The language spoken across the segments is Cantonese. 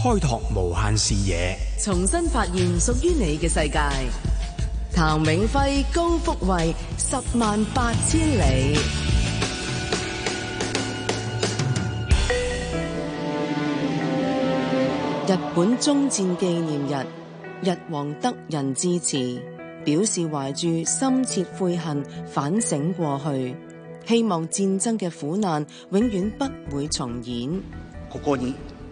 開拓無限視野，重新發現屬於你嘅世界。譚永輝、高福慧，十萬八千里。日本終戰紀念日，日皇德仁致辭，表示懷住深切悔恨反省過去，希望戰爭嘅苦難永遠不會重演。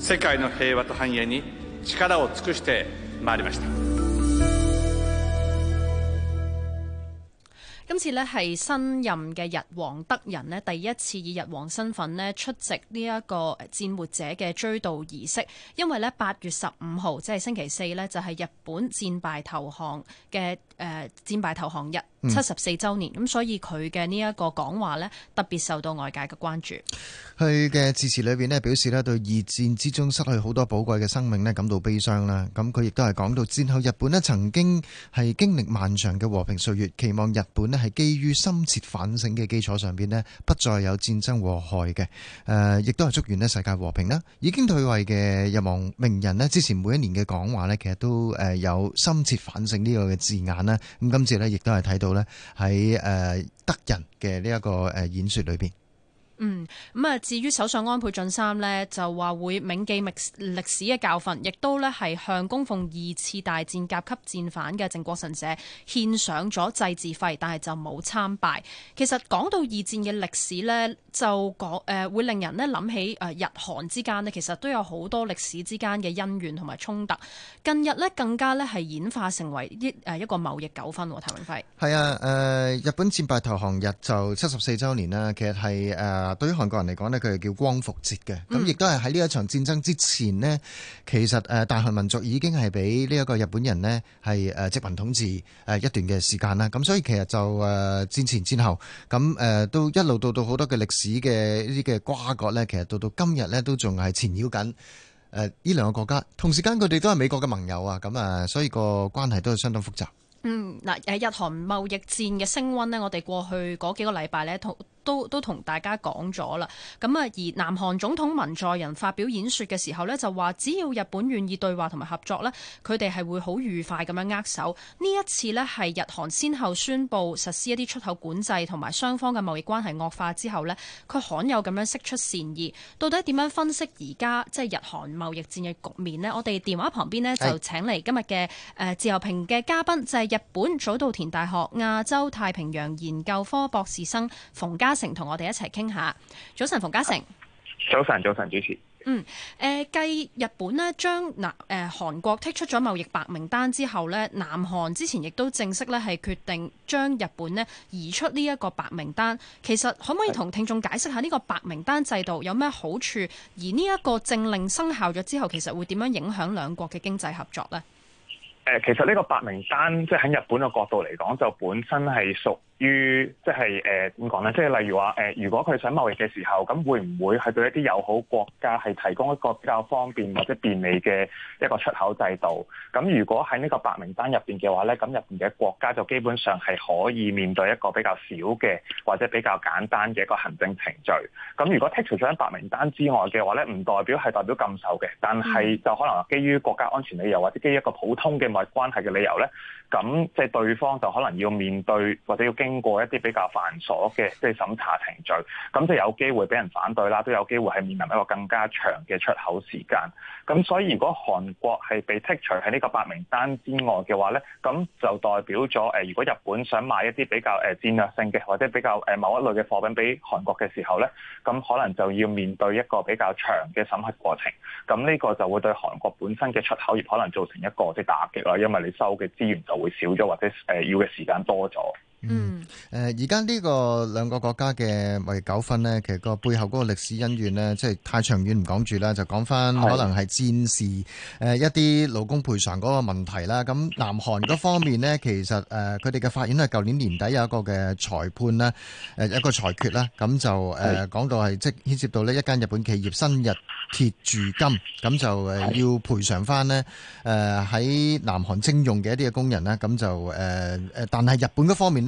世界の平和と繁栄に力を盡くして參りました。今次呢，係新任嘅日王德仁呢，第一次以日王身份出席呢一個戰歿者嘅追悼儀式，因為呢，八月十五號即係星期四呢，就係、是、日本戰敗投降嘅。誒、呃、戰敗投降日七十四週年，咁、嗯、所以佢嘅呢一個講話呢，特別受到外界嘅關注。佢嘅致辭裏邊呢，表示呢對二戰之中失去好多寶貴嘅生命呢，感到悲傷啦。咁佢亦都係講到戰後日本呢曾經係經歷漫長嘅和平歲月，期望日本呢係基於深切反省嘅基礎上邊呢，不再有戰爭禍害嘅。誒、呃，亦都係祝願呢世界和平啦。已經退位嘅日皇明仁呢，之前每一年嘅講話呢，其實都誒有深切反省呢個嘅字眼。咁今次咧，亦都係睇到咧喺誒德仁嘅呢一個誒演說裏邊。嗯，咁啊，至於首相安倍晉三呢，就話會銘記歷史嘅教訓，亦都呢係向供奉二次大戰甲級戰犯嘅靖國神社獻上咗祭祀費，但係就冇參拜。其實講到二戰嘅歷史呢，就講誒、呃、會令人呢諗起誒日韓之間呢，其實都有好多歷史之間嘅恩怨同埋衝突。近日呢，更加呢係演化成為一誒一個貿易糾紛。譚永輝，係啊，誒、呃、日本戰敗投降日就七十四週年啦，其實係誒。呃啊，對於韓國人嚟講呢，佢係叫光復節嘅。咁、嗯、亦都係喺呢一場戰爭之前呢，其實誒大韓民族已經係俾呢一個日本人呢係誒殖民統治誒一段嘅時間啦。咁所以其實就誒戰前戰後咁誒，都一路到到好多嘅歷史嘅呢啲嘅瓜葛呢，其實到到今日呢都仲係纏繞緊誒呢兩個國家。同時間佢哋都係美國嘅盟友啊，咁啊，所以個關係都係相當複雜。嗯，嗱日韓貿易戰嘅升溫呢，我哋過去嗰幾個禮拜呢。同。都都同大家講咗啦，咁啊而南韓總統文在寅發表演說嘅時候咧，就話只要日本願意對話同埋合作咧，佢哋係會好愉快咁樣握手。呢一次咧係日韓先後宣布實施一啲出口管制同埋雙方嘅貿易關係惡化之後咧，佢罕有咁樣釋出善意。到底點樣分析而家即係日韓貿易戰嘅局面咧？我哋電話旁邊咧就請嚟今日嘅誒自由評嘅嘉賓就係、是、日本早稻田大學亞洲太平洋研究科博士生馮家成同我哋一齊傾下，早晨馮嘉誠，早晨，早晨主持。嗯，誒、呃，繼日本咧將南誒韓、呃、國剔出咗貿易白名單之後咧，南韓之前亦都正式咧係決定將日本咧移出呢一個白名單。其實可唔可以同聽眾解釋下呢個白名單制度有咩好處？而呢一個政令生效咗之後，其實會點樣影響兩國嘅經濟合作呢？誒、呃，其實呢個白名單即係喺日本嘅角度嚟講，就本身係屬。於即係誒點講咧？即係、呃、例如話誒、呃，如果佢想貿易嘅時候，咁會唔會係對一啲友好國家係提供一個比較方便或者便利嘅一個出口制度？咁如果喺呢個白名單入邊嘅話咧，咁入邊嘅國家就基本上係可以面對一個比較少嘅或者比較簡單嘅一個行政程序。咁如果剔除咗喺白名單之外嘅話咧，唔代表係代表禁售嘅，但係就可能基於國家安全理由或者基於一個普通嘅貿易關係嘅理由咧，咁即係對方就可能要面對或者要經。經過一啲比較繁瑣嘅即係審查程序，咁就有機會俾人反對啦，都有機會係面臨一個更加長嘅出口時間。咁所以，如果韓國係被剔除喺呢個白名單之外嘅話咧，咁就代表咗誒、呃，如果日本想買一啲比較誒、呃、戰略性嘅或者比較誒、呃、某一類嘅貨品俾韓國嘅時候咧，咁可能就要面對一個比較長嘅審核過程。咁呢個就會對韓國本身嘅出口業可能造成一個即、就是、打擊啦，因為你收嘅資源就會少咗，或者誒、呃、要嘅時間多咗。嗯，誒，而家呢個兩個國家嘅貿易糾紛咧，其實個背後嗰個歷史恩怨咧，即係太長遠唔講住啦，就講翻可能係戰事誒，一啲勞工賠償嗰個問題啦。咁南韓嗰方面咧，其實誒，佢哋嘅法院係舊年年底有一個嘅裁判啦，誒，一個裁決啦，咁就誒講到係即係牽涉到咧一間日本企業新日鐵住金，咁就誒要賠償翻咧誒喺南韓徵用嘅一啲嘅工人啦，咁就誒誒，但係日本嗰方面。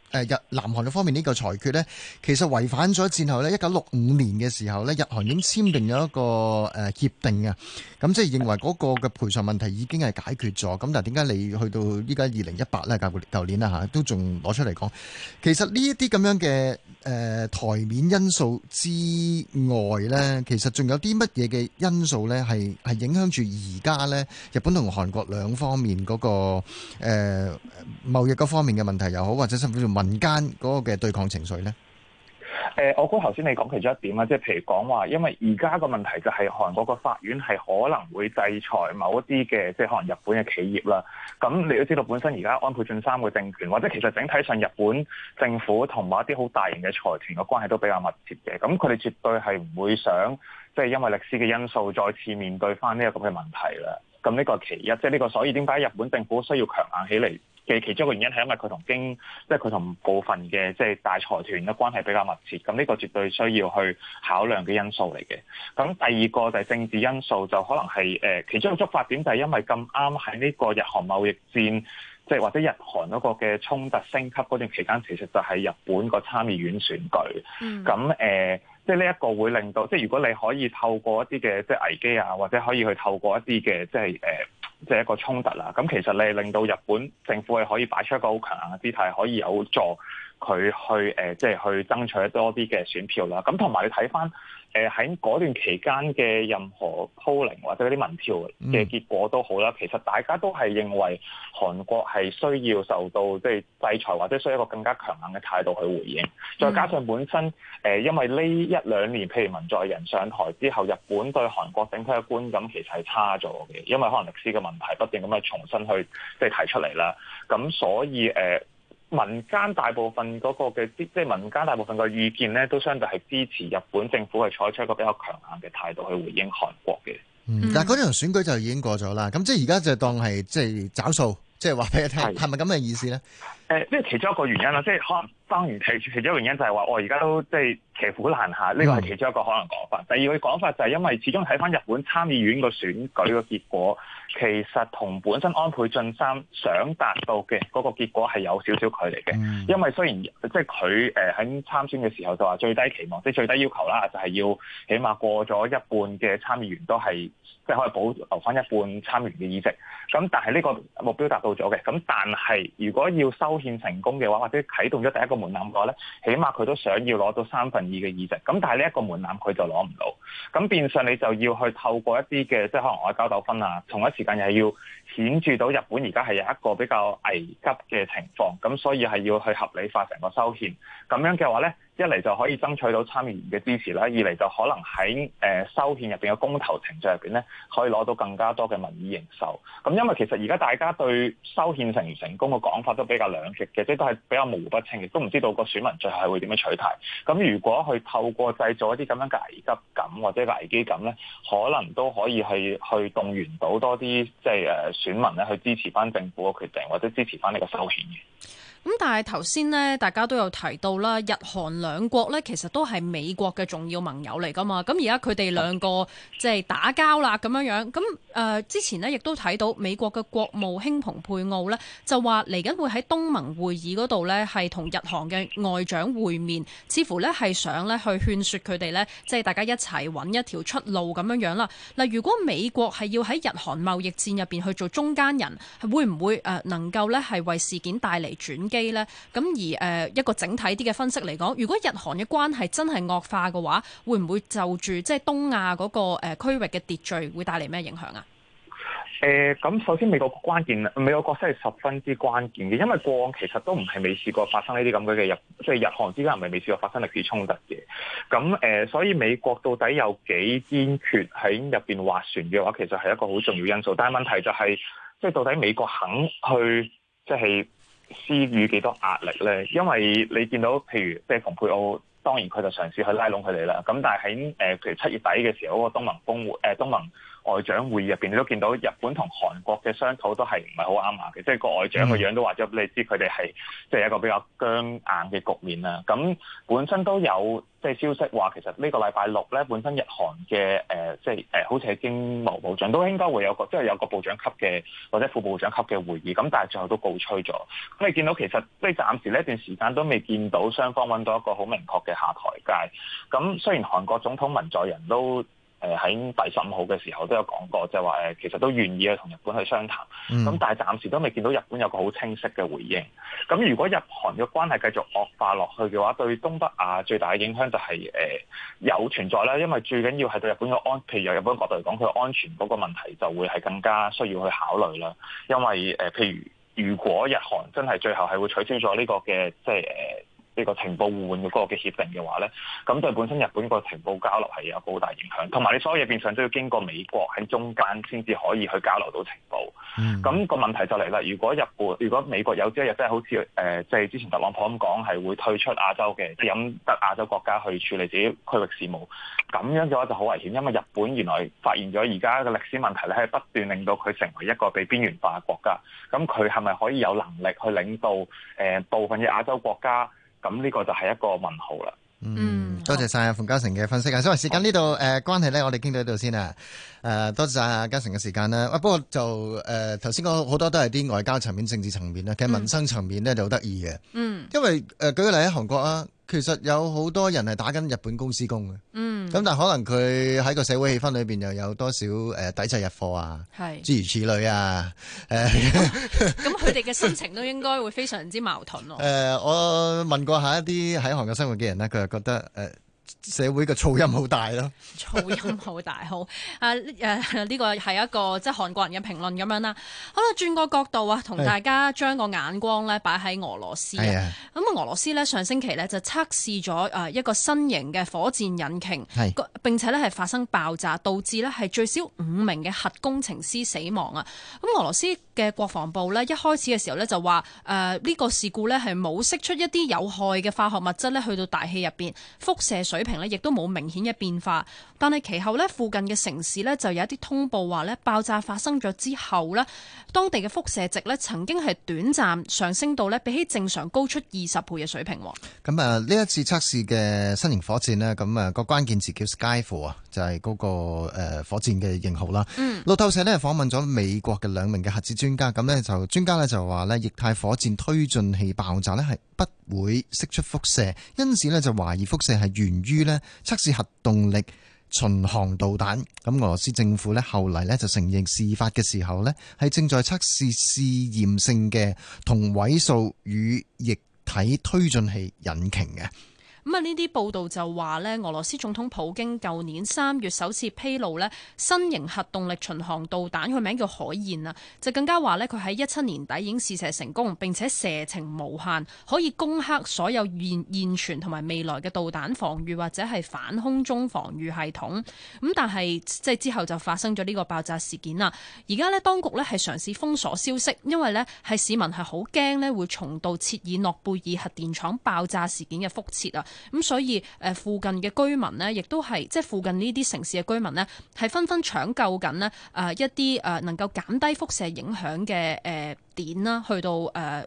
誒日南韓方面呢個裁決呢，其實違反咗戰後呢，一九六五年嘅時候呢，日韓已經簽訂咗一個誒協定啊，咁即係認為嗰個嘅賠償問題已經係解決咗。咁但係點解你去到依家二零一八呢？舊年啦，都仲攞出嚟講，其實呢一啲咁樣嘅誒、呃、台面因素之外呢，其實仲有啲乜嘢嘅因素呢？係係影響住而家呢日本同韓國兩方面嗰個誒、呃、貿易嗰方面嘅問題又好，或者甚至民間嗰個嘅對抗情緒咧？誒、呃，我估頭先你講其中一點啊，即係譬如講話，因為而家個問題就係韓國個法院係可能會制裁某一啲嘅，即係可能日本嘅企業啦。咁你都知道本身而家安倍晉三嘅政權，或者其實整體上日本政府同某一啲好大型嘅財團嘅關係都比較密切嘅。咁佢哋絕對係唔會想，即係因為歷史嘅因素再次面對翻呢個咁嘅問題啦。咁呢個其一，即係呢個所以點解日本政府需要強硬起嚟？嘅其中一個原因係因為佢同經，即係佢同部分嘅即係大財團嘅關係比較密切，咁呢個絕對需要去考量嘅因素嚟嘅。咁第二個就係政治因素，就可能係誒、呃、其中嘅觸發點就係因為咁啱喺呢個日韓貿易戰，即、就、係、是、或者日韓嗰個嘅衝突升級嗰段期間，其實就係、是、日本個參議院選舉。咁、嗯、誒、呃，即係呢一個會令到，即係如果你可以透過一啲嘅即係危機啊，或者可以去透過一啲嘅即係、呃即係一個衝突啦，咁其實你令到日本政府係可以擺出一個好強硬嘅姿態，可以有助佢去誒，即、呃、係、就是、去爭取多啲嘅選票啦。咁同埋你睇翻。誒喺嗰段期間嘅任何 polling 或者啲民調嘅結果都好啦、嗯，其實大家都係認為韓國係需要受到即係制裁或者需要一個更加強硬嘅態度去回應，再加上本身誒、呃、因為呢一兩年譬如文在寅上台之後，日本對韓國整體嘅觀感其實係差咗嘅，因為可能歷史嘅問題不斷咁去重新去即係提出嚟啦，咁所以誒。呃民間大部分嗰個嘅即係民間大部分嘅意見咧，都相對係支持日本政府係採取一個比較強硬嘅態度去回應韓國嘅、嗯。嗯，但係嗰場選舉就已經過咗啦，咁即係而家就當係即係找數，即係話俾你聽，係咪咁嘅意思咧？誒、呃，因為其中一個原因啦，即係可能。當然，其其中一個原因就係、是、話，我而家都即係騎虎難下，呢個係其中一個可能講法、嗯。第二個講法就係因為始終睇翻日本參議院個選舉個結果，其實同本身安倍晉三想達到嘅嗰個結果係有少少距離嘅、嗯。因為雖然即係佢誒喺參選嘅時候就話最低期望，即係最低要求啦，就係要起碼過咗一半嘅參議員都係即係可以保留翻一半參議員嘅議席。咁但係呢個目標達到咗嘅。咁但係如果要修憲成功嘅話，或者啟動咗第一個。門檻嘅話咧，起碼佢都想要攞到三分二嘅議席，咁但係呢一個門檻佢就攞唔到，咁變相你就要去透過一啲嘅，即係可能外交糾紛啊，同一時間又係要顯著到日本而家係有一個比較危急嘅情況，咁所以係要去合理化成個修憲，咁樣嘅話咧。一嚟就可以爭取到參議員嘅支持啦，二嚟就可能喺誒、呃、修憲入邊嘅公投程序入邊咧，可以攞到更加多嘅民意認受。咁因為其實而家大家對修憲成唔成功嘅講法都比較兩極嘅，即、就是、都係比較模糊不清的，亦都唔知道個選民最後係會點樣取態。咁如果去透過製造一啲咁樣嘅危急感或者個危機感咧，可能都可以去去動員到多啲即係誒選民咧去支持翻政府嘅決定，或者支持翻呢個修憲嘅。咁但係頭先咧，大家都有提到啦，日韓兩國咧，其實都係美國嘅重要盟友嚟噶嘛。咁而家佢哋兩個即係打交啦，咁樣樣。咁誒，之前咧亦都睇到美國嘅國務卿蓬佩奧咧，就話嚟緊會喺東盟會議嗰度咧，係同日韓嘅外長會面，似乎咧係想咧去勸說佢哋咧，即係大家一齊搵一條出路咁樣樣啦。嗱，如果美國係要喺日韓貿易戰入邊去做中間人，係會唔會誒能夠咧係為事件帶嚟轉機咧，咁而誒，一個整體啲嘅分析嚟講，如果日韓嘅關係真係惡化嘅話，會唔會就住即係東亞嗰個誒區域嘅秩序會帶嚟咩影響啊？誒、呃，咁首先美國關鍵，美國角色係十分之關鍵嘅，因為過往其實都唔係未試過發生呢啲咁嘅嘅日即係、就是、日韓之間唔係未試過發生歷史衝突嘅。咁誒、呃，所以美國到底有幾堅決喺入邊划船嘅話，其實係一個好重要因素。但係問題就係、是、即係到底美國肯去即係。施予幾多壓力咧？因為你見到譬如，即係蓬佩奧，當然佢就嘗試去拉攏佢哋啦。咁但係喺誒，譬如七月底嘅時候，嗰個東盟峰會，誒東盟。外長會議入邊，你都見到日本同韓國嘅商討都係唔係好啱牙嘅，即係個外長個樣都話咗俾你知，佢哋係即係一個比較僵硬嘅局面啦。咁本身都有即係消息話，其實呢個禮拜六咧，本身日韓嘅誒即係誒、呃、好似係經貿部長都應該會有個即係、就是、有個部長級嘅或者副部長級嘅會議，咁但係最後都告吹咗。咁你見到其實即係暫時呢一段時間都未見到雙方揾到一個好明確嘅下台階。咁雖然韓國總統文在寅都。誒喺第十五號嘅時候都有講過，就話誒其實都願意去同日本去商談，咁、嗯、但係暫時都未見到日本有個好清晰嘅回應。咁如果日韓嘅關係繼續惡化落去嘅話，對東北亞最大嘅影響就係、是、誒、呃、有存在啦，因為最緊要係對日本嘅安，譬如由日本角度嚟講，佢安全嗰個問題就會係更加需要去考慮啦。因為、呃、譬如如果日韓真係最後係會取消咗呢、這個嘅，即係、呃呢、這個情報互換嘅嗰個嘅協定嘅話咧，咁對本身日本個情報交流係有好大影響，同埋你所有嘢變相都要經過美國喺中間先至可以去交流到情報。咁、嗯，那個問題就嚟啦，如果日本如果美國有朝一日真係好似誒，即、呃、係之前特朗普咁講，係會退出亞洲嘅，即係引得亞洲國家去處理自己區域事務，咁樣嘅話就好危險，因為日本原來發現咗而家嘅歷史問題咧，係不斷令到佢成為一個被邊緣化嘅國家。咁佢係咪可以有能力去領導部、呃、分嘅亞洲國家？咁呢個就係一個問號啦。嗯，多謝晒阿馮嘉誠嘅分析啊。所以時間、呃、呢度誒關係咧，我哋傾到呢度先啦誒、呃，多謝阿嘉誠嘅時間啦。啊、呃，不過就誒頭先講好多都係啲外交層面、政治層面啦其實民生層面咧就好得意嘅。嗯，因為誒、呃、舉個例喺韓國啊。其實有好多人係打緊日本公司工嘅，咁、嗯、但係可能佢喺個社會氣氛裏邊又有多少誒、呃、抵制日貨啊係。諸如此類啊，誒、 呃，咁佢哋嘅心情都應該會非常之矛盾咯。誒，我問過下一啲喺韓國生活嘅人咧，佢就覺得誒。呃社會嘅噪音好大咯，噪音好大好 啊，誒呢個係一個即係韓國人嘅評論咁樣啦。好啦，轉個角度啊，同大家將個眼光咧擺喺俄羅斯啊。俄羅斯呢，上星期呢就測試咗誒一個新型嘅火箭引擎，係並且呢係發生爆炸，導致呢係最少五名嘅核工程師死亡啊。咁俄羅斯嘅國防部呢，一開始嘅時候呢就話誒呢個事故呢係冇釋出一啲有害嘅化學物質呢去到大氣入邊，輻射水水平呢亦都冇明顯嘅變化，但係其後呢，附近嘅城市呢就有一啲通報話呢，爆炸發生咗之後呢，當地嘅輻射值呢曾經係短暫上升到呢，比起正常高出二十倍嘅水平。咁、嗯、啊，呢、嗯、一次測試嘅新型火箭呢，咁、那、啊個關鍵詞叫 Skyfall 啊，就係嗰個誒火箭嘅型號啦。嗯，路透社呢訪問咗美國嘅兩名嘅核子專家，咁呢就專家呢就話呢，液態火箭推進器爆炸呢係不。會釋出輻射，因此咧就懷疑輻射係源於咧測試核動力巡航導彈。咁俄羅斯政府咧後嚟咧就承認，事發嘅時候咧係正在測試試驗性嘅同位素與液體推進器引擎嘅。咁啊！呢啲報道就話呢，俄羅斯總統普京舊年三月首次披露呢新型核動力巡航導彈，佢名叫海燕啊，就更加話呢佢喺一七年底已經試射成功，並且射程無限，可以攻克所有現，現存同埋未來嘅導彈防禦，或者係反空中防禦系統。咁但係即係之後就發生咗呢個爆炸事件啦！而家呢當局呢係嘗試封鎖消息，因為呢係市民係好驚呢會重蹈切爾諾貝爾核電廠爆炸事件嘅覆轍啊！咁所以誒附近嘅居民呢，亦都係即係附近呢啲城市嘅居民呢，係紛紛搶救緊呢誒一啲誒能夠減低輻射影響嘅誒碘啦，去到誒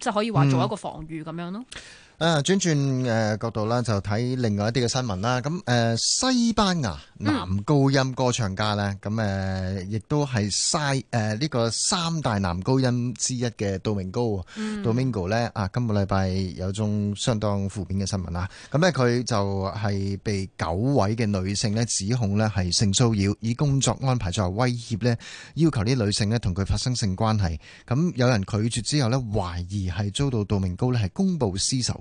即係可以話做一個防禦咁樣咯。嗯。誒轉轉誒角度啦，就睇另外一啲嘅新聞啦。咁誒西班牙男高音歌唱家咧，咁誒亦都係西誒呢個三大男高音之一嘅杜明高。嗯。杜明高咧，啊，今個禮拜有宗相當負面嘅新聞啦。咁咧，佢就係被九位嘅女性咧指控咧係性騷擾，以工作安排作為威脅咧，要求啲女性咧同佢發生性關係，咁有人拒絕之後咧，懷疑係遭到杜明高咧係公報私仇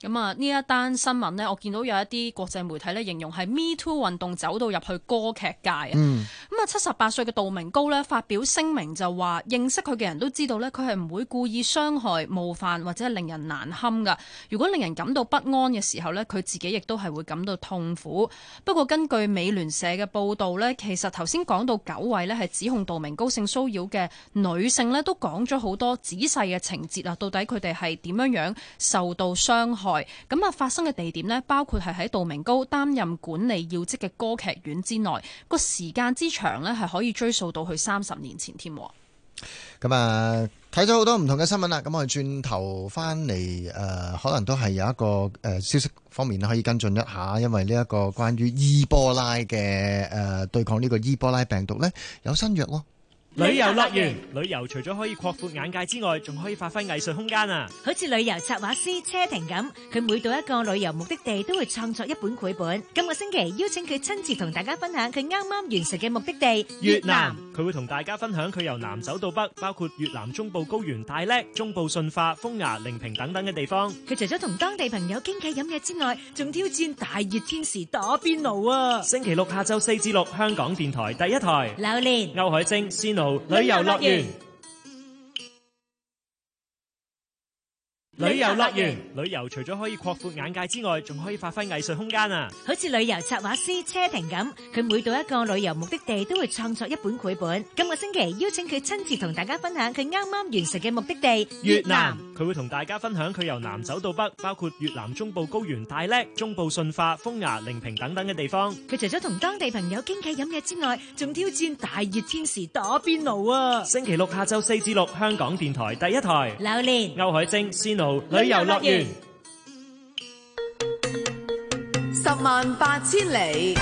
咁啊，呢一單新聞呢，我見到有一啲國際媒體呢形容係 Me Too 運動走到入去歌劇界啊。咁、嗯、啊，七十八歲嘅杜明高呢發表聲明就話，認識佢嘅人都知道呢，佢係唔會故意傷害、冒犯或者係令人難堪噶。如果令人感到不安嘅時候呢，佢自己亦都係會感到痛苦。不過根據美聯社嘅報導呢，其實頭先講到九位呢係指控杜明高性騷擾嘅女性呢，都講咗好多仔細嘅情節啊。到底佢哋係點樣樣受到傷害？咁啊，發生嘅地點呢，包括係喺杜明高擔任管理要職嘅歌劇院之內，個時間之長呢，係可以追溯到去三十年前添。咁啊，睇咗好多唔同嘅新聞啦，咁我哋轉頭翻嚟，誒，可能都係有一個誒消息方面可以跟進一下，因為呢一個關於伊波拉嘅誒對抗呢個伊波拉病毒呢，有新藥。旅遊樂園，旅遊除咗可以擴闊眼界之外，仲可以發揮藝術空間啊！好似旅遊策劃師車庭咁，佢每到一個旅遊目的地都會創作一本繪本。今個星期邀請佢親自同大家分享佢啱啱完成嘅目的地越南，佢會同大家分享佢由南走到北，包括越南中部高原大叻、中部順化、風牙、寧平等等嘅地方。佢除咗同當地朋友傾偈飲嘢之外，仲挑戰大熱天時打邊爐啊！星期六下晝四至六，香港電台第一台。榴槤、歐海晶、思諾。旅遊樂園，旅遊樂園，旅遊除咗可以擴闊眼界之外，仲可以發揮藝術空間啊！好似旅遊策劃師車婷咁，佢每到一個旅遊目的地都會創作一本繪本。今個星期邀請佢親自同大家分享佢啱啱完成嘅目的地越南。佢會同大家分享佢由南走到北，包括越南中部高原大叻、中部順化、風牙、寧平等等嘅地方。佢除咗同當地朋友傾偈飲嘢之外，仲挑戰大熱天時打邊爐啊！星期六下晝四至六，香港電台第一台，劉連、歐海晶、仙露旅遊樂園，十萬八千里。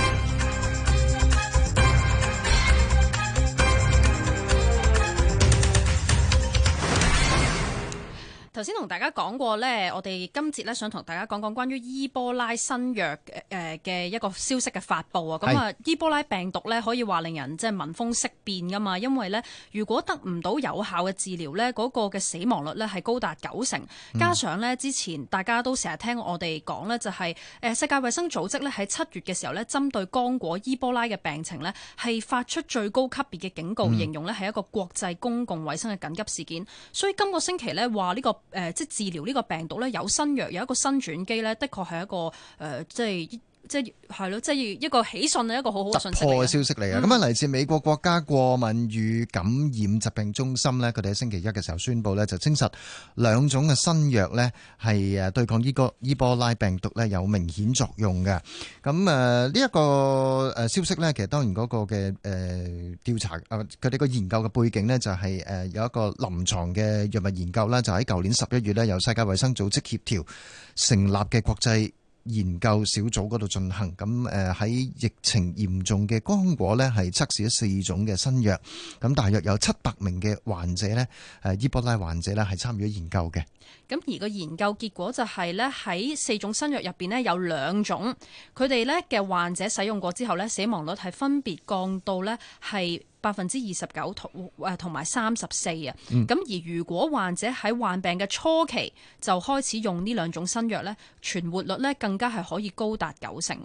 首先同大家講過呢，我哋今節呢，想同大家講講關於伊波拉新藥誒嘅一個消息嘅發布啊。咁啊，伊波拉病毒呢，可以話令人即係聞風色變噶嘛，因為呢，如果得唔到有效嘅治療呢，嗰、那個嘅死亡率呢係高達九成。嗯、加上呢，之前大家都成日聽我哋講呢，就係世界衛生組織呢，喺七月嘅時候呢，針對剛果伊波拉嘅病情呢，係發出最高級別嘅警告，嗯、形容呢係一個國際公共衛生嘅緊急事件。所以今個星期呢，話呢個。誒、呃，即係治療呢個病毒呢，有新藥，有一個新轉機呢，的確係一個、呃、即係。即係咯，即係一個喜訊，一個好好突破嘅消息嚟嘅。咁啊，嚟自美國國家過敏與感染疾病中心咧，佢哋喺星期一嘅時候宣布咧，就證實兩種嘅新藥咧係誒對抗依個伊波拉病毒咧有明顯作用嘅。咁誒呢一個誒消息咧，其實當然嗰個嘅誒調查啊，佢哋個研究嘅背景咧就係誒有一個臨牀嘅藥物研究啦，就喺舊年十一月咧由世界衛生組織協調成立嘅國際。研究小組嗰度進行，咁誒喺疫情嚴重嘅剛果呢，係測試咗四種嘅新藥，咁大約有七百名嘅患者呢，誒伊波拉患者呢，係參與咗研究嘅。咁而個研究結果就係呢，喺四種新藥入邊呢有兩種，佢哋呢嘅患者使用過之後呢，死亡率係分別降到呢係。百分之二十九同誒同埋三十四啊，咁、嗯、而如果患者喺患病嘅初期就開始用呢兩種新藥呢，存活率呢更加係可以高達九成。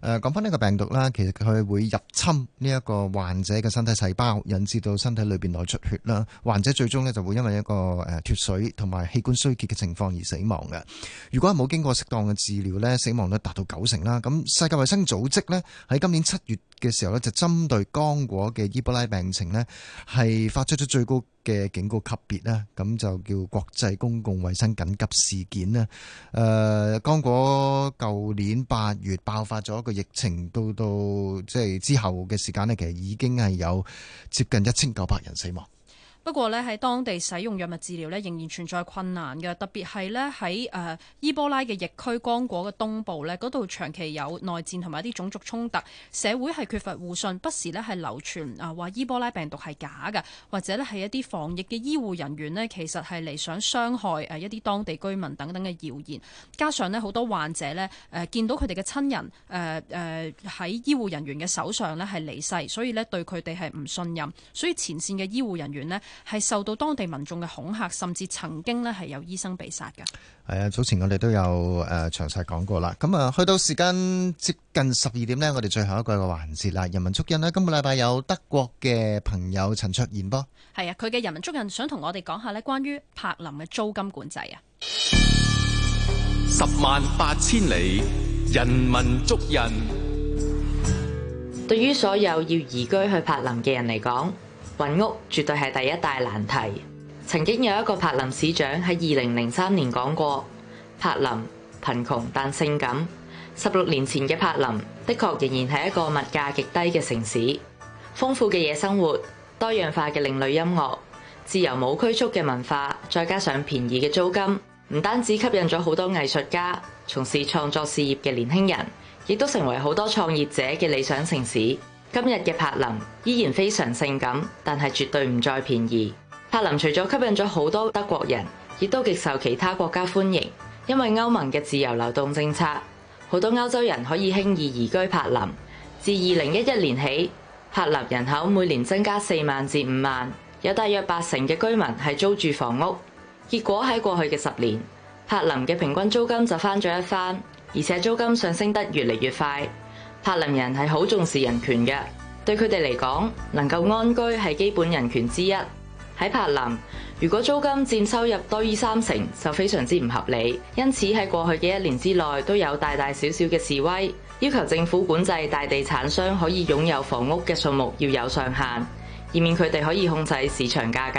誒講翻呢個病毒啦，其實佢會入侵呢一個患者嘅身體細胞，引致到身體裏邊內出血啦，患者最終呢就會因為一個誒脫水同埋器官衰竭嘅情況而死亡嘅。如果冇經過適當嘅治療呢，死亡率達到九成啦。咁世界衛生組織呢，喺今年七月嘅時候咧，就針對剛果嘅伊波拉病情呢，係發出咗最高嘅警告級別啦，咁就叫國際公共衛生緊急事件啦。誒，剛果舊年八月爆發咗一個疫情，到到即係之後嘅時間呢，其實已經係有接近一千九百人死亡。不過呢，喺當地使用藥物治療呢，仍然存在困難嘅。特別係呢，喺伊波拉嘅疫區，剛果嘅東部呢，嗰度長期有內戰同埋一啲種族衝突，社會係缺乏互信，不時呢係流傳啊，話伊波拉病毒係假嘅，或者呢係一啲防疫嘅醫護人員呢，其實係嚟想傷害一啲當地居民等等嘅謠言。加上呢，好多患者呢，誒見到佢哋嘅親人誒誒喺醫護人員嘅手上呢係離世，所以呢對佢哋係唔信任，所以前線嘅醫護人員呢係受到當地民眾嘅恐嚇，甚至曾經咧係有醫生被殺嘅。係啊，早前我哋都有誒詳細講過啦。咁啊，去到時間接近十二點呢，我哋最後一個環節啦。人文足印呢，今個禮拜有德國嘅朋友陳卓妍波。係啊，佢嘅人文足印想同我哋講下呢關於柏林嘅租金管制啊。十萬八千里，人文足印。對於所有要移居去柏林嘅人嚟講。揾屋絕對係第一大難題。曾經有一個柏林市長喺二零零三年講過，柏林貧窮但性感。十六年前嘅柏林，的確仍然係一個物價極低嘅城市。豐富嘅夜生活、多樣化嘅另類音樂、自由冇拘束嘅文化，再加上便宜嘅租金，唔單止吸引咗好多藝術家、從事創作事業嘅年輕人，亦都成為好多創業者嘅理想城市。今日嘅柏林依然非常性感，但係絕對唔再便宜。柏林除咗吸引咗好多德國人，亦都極受其他國家歡迎，因為歐盟嘅自由流動政策，好多歐洲人可以輕易移居柏林。自二零一一年起，柏林人口每年增加四萬至五萬，有大約八成嘅居民係租住房屋。結果喺過去嘅十年，柏林嘅平均租金就翻咗一番，而且租金上升得越嚟越快。柏林人係好重視人權嘅，對佢哋嚟講，能夠安居係基本人權之一。喺柏林，如果租金佔收入多於三成，就非常之唔合理。因此喺過去嘅一年之內，都有大大小小嘅示威，要求政府管制大地產商可以擁有房屋嘅數目要有上限，以免佢哋可以控制市場價格。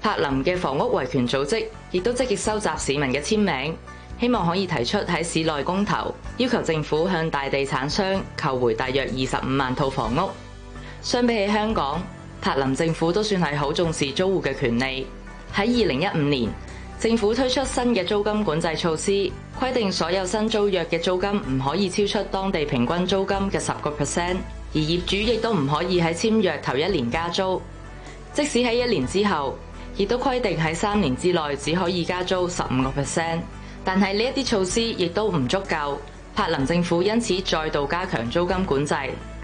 柏林嘅房屋維權組織亦都積極收集市民嘅簽名。希望可以提出喺市內公投，要求政府向大地產商購回大約二十五萬套房屋。相比起香港，柏林政府都算係好重視租戶嘅權利。喺二零一五年，政府推出新嘅租金管制措施，規定所有新租約嘅租金唔可以超出當地平均租金嘅十個 percent，而業主亦都唔可以喺簽約頭一年加租。即使喺一年之後，亦都規定喺三年之內只可以加租十五個 percent。但係呢一啲措施亦都唔足夠，柏林政府因此再度加強租金管制，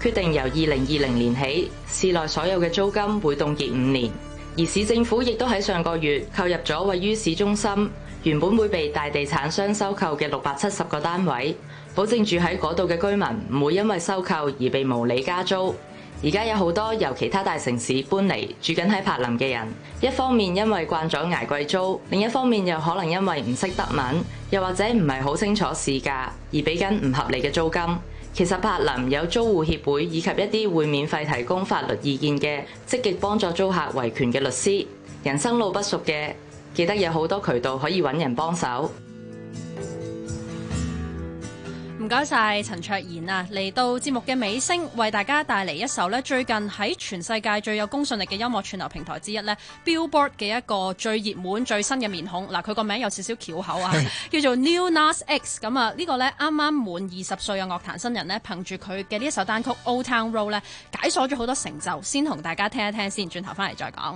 決定由二零二零年起，市內所有嘅租金會凍結五年。而市政府亦都喺上個月購入咗位於市中心原本會被大地產商收購嘅六百七十個單位，保證住喺嗰度嘅居民唔會因為收購而被無理加租。而家有好多由其他大城市搬嚟住緊喺柏林嘅人，一方面因為慣咗挨貴租，另一方面又可能因為唔識德文，又或者唔係好清楚市價而俾緊唔合理嘅租金。其實柏林有租戶協會以及一啲會免費提供法律意見嘅積極幫助租客維權嘅律師。人生路不熟嘅記得有好多渠道可以揾人幫手。唔該晒，陳卓妍啊，嚟到節目嘅尾聲，為大家帶嚟一首最近喺全世界最有公信力嘅音樂串流平台之一 Billboard 嘅一個最熱門最新嘅面孔。嗱，佢個名有少少巧口啊，叫做 New Nas X。咁啊，呢個呢啱啱滿二十歲嘅樂壇新人呢憑住佢嘅呢一首單曲 Old Town Road 解鎖咗好多成就。先同大家聽一聽先，轉頭翻嚟再講。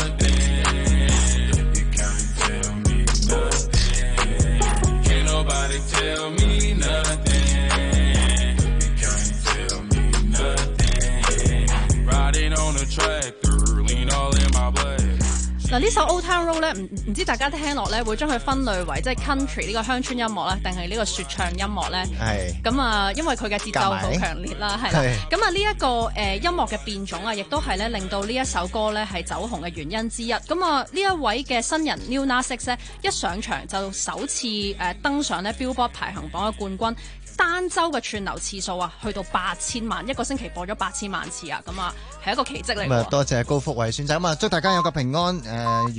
呢首 Old Town Road 咧，唔唔知大家聽落咧，會將佢分類為即係 country 呢個鄉村音樂啦，定係呢個説唱音樂咧？係。咁、嗯、啊，因為佢嘅節奏好強烈啦，係啦。咁啊，呢一、嗯呢個誒、呃、音樂嘅變種啊，亦都係咧令到呢一首歌咧係走紅嘅原因之一。咁、嗯、啊，呢一位嘅新人 Lil Nas X 咧，一上場就首次誒登上呢 Billboard 排行榜嘅冠軍。單周嘅串流次數啊，去到八千萬，一個星期播咗八千萬次啊，咁啊，係一個奇迹嚟嘅。咁啊，多謝高福偉選擇啊嘛，祝大家有個平安誒。呃